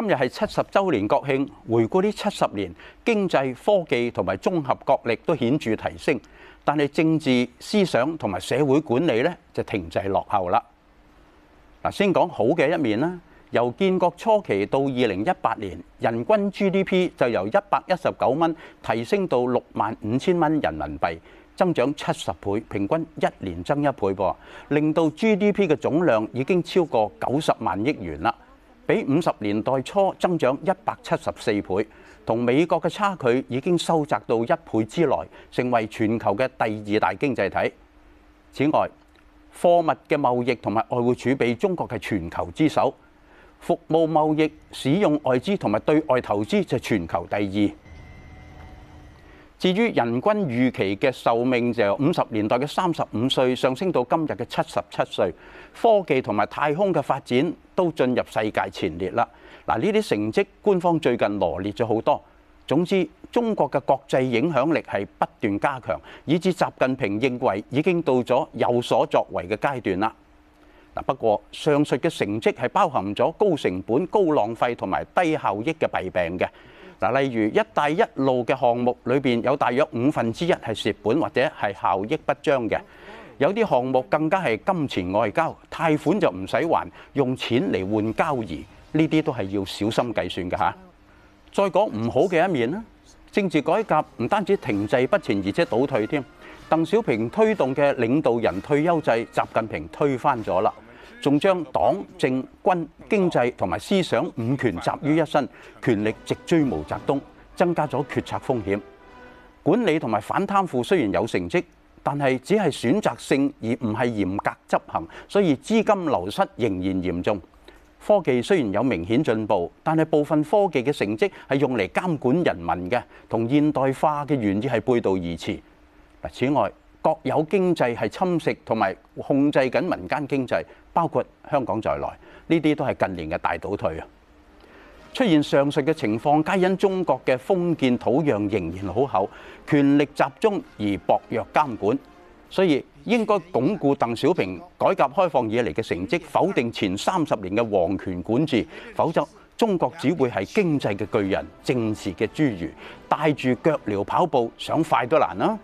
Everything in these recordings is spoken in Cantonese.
今日係七十週年國慶，回顧呢七十年經濟、科技同埋綜合國力都顯著提升，但係政治、思想同埋社會管理咧就停滯落後啦。嗱，先講好嘅一面啦，由建國初期到二零一八年，人均 GDP 就由一百一十九蚊提升到六萬五千蚊人民幣，增長七十倍，平均一年增一倍噃，令到 GDP 嘅總量已經超過九十萬億元啦。比五十年代初增長一百七十四倍，同美國嘅差距已經收窄到一倍之內，成為全球嘅第二大經濟體。此外，貨物嘅貿易同埋外匯儲備，中國係全球之首；服務貿易、使用外資同埋對外投資就全球第二。至於人均預期嘅壽命就由五十年代嘅三十五歲上升到今日嘅七十七歲，科技同埋太空嘅發展都進入世界前列啦。嗱，呢啲成績官方最近羅列咗好多。總之，中國嘅國際影響力係不斷加強，以至習近平認為已經到咗有所作為嘅階段啦。不過上述嘅成績係包含咗高成本、高浪費同埋低效益嘅弊病嘅。嗱，例如一帶一路嘅項目裏面有大約五分之一係蝕本或者係效益不彰嘅，有啲項目更加係金錢外交，貸款就唔使還，用錢嚟換交易，呢啲都係要小心計算嘅吓。再講唔好嘅一面，政治改革唔單止停滯不前，而且倒退添。鄧小平推動嘅領導人退休制，習近平推翻咗啦。仲將黨、政、軍、經濟同埋思想五權集於一身，權力直追毛澤東，增加咗決策風險。管理同埋反貪腐雖然有成績，但係只係選擇性而唔係嚴格執行，所以資金流失仍然嚴重。科技雖然有明顯進步，但係部分科技嘅成績係用嚟監管人民嘅，同現代化嘅原意係背道而馳。嗱，此外，國有經濟係侵蝕同埋控制緊民間經濟，包括香港在內，呢啲都係近年嘅大倒退啊！出現上述嘅情況，皆因中國嘅封建土壤仍然好厚，權力集中而薄弱監管，所以應該鞏固鄧小平改革開放以來嘅成績，否定前三十年嘅皇權管治，否則中國只會係經濟嘅巨人，政治嘅侏儒，帶住腳鐐跑步，想快都難啦、啊！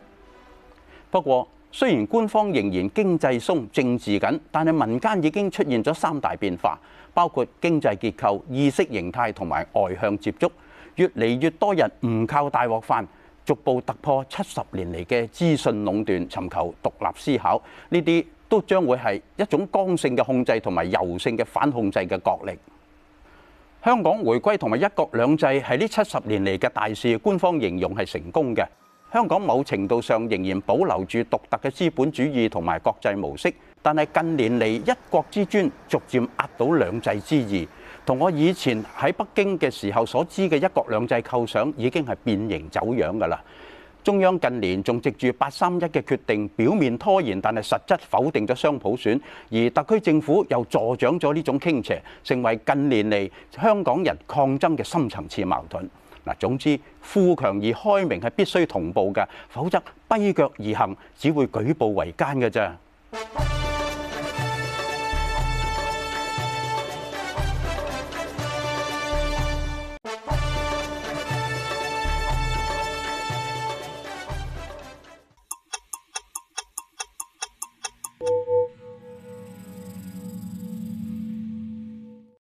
不過，雖然官方仍然經濟鬆、政治緊，但係民間已經出現咗三大變化，包括經濟結構、意識形態同埋外向接觸。越嚟越多人唔靠大鍋飯，逐步突破七十年嚟嘅資訊壟斷，尋求獨立思考。呢啲都將會係一種剛性嘅控制同埋柔性嘅反控制嘅角力。香港回歸同埋一國兩制係呢七十年嚟嘅大事，官方形容係成功嘅。香港某程度上仍然保留住獨特嘅資本主義同埋國際模式，但係近年嚟，一國之尊逐漸壓倒兩制之意，同我以前喺北京嘅時候所知嘅一國兩制構想已經係變形走樣噶啦。中央近年仲藉住八三一嘅決定表面拖延，但係實質否定咗雙普選，而特區政府又助長咗呢種傾斜，成為近年嚟香港人抗爭嘅深層次矛盾。嗱，總之富強而開明係必須同步嘅，否則跛腳而行，只會舉步維艱嘅啫。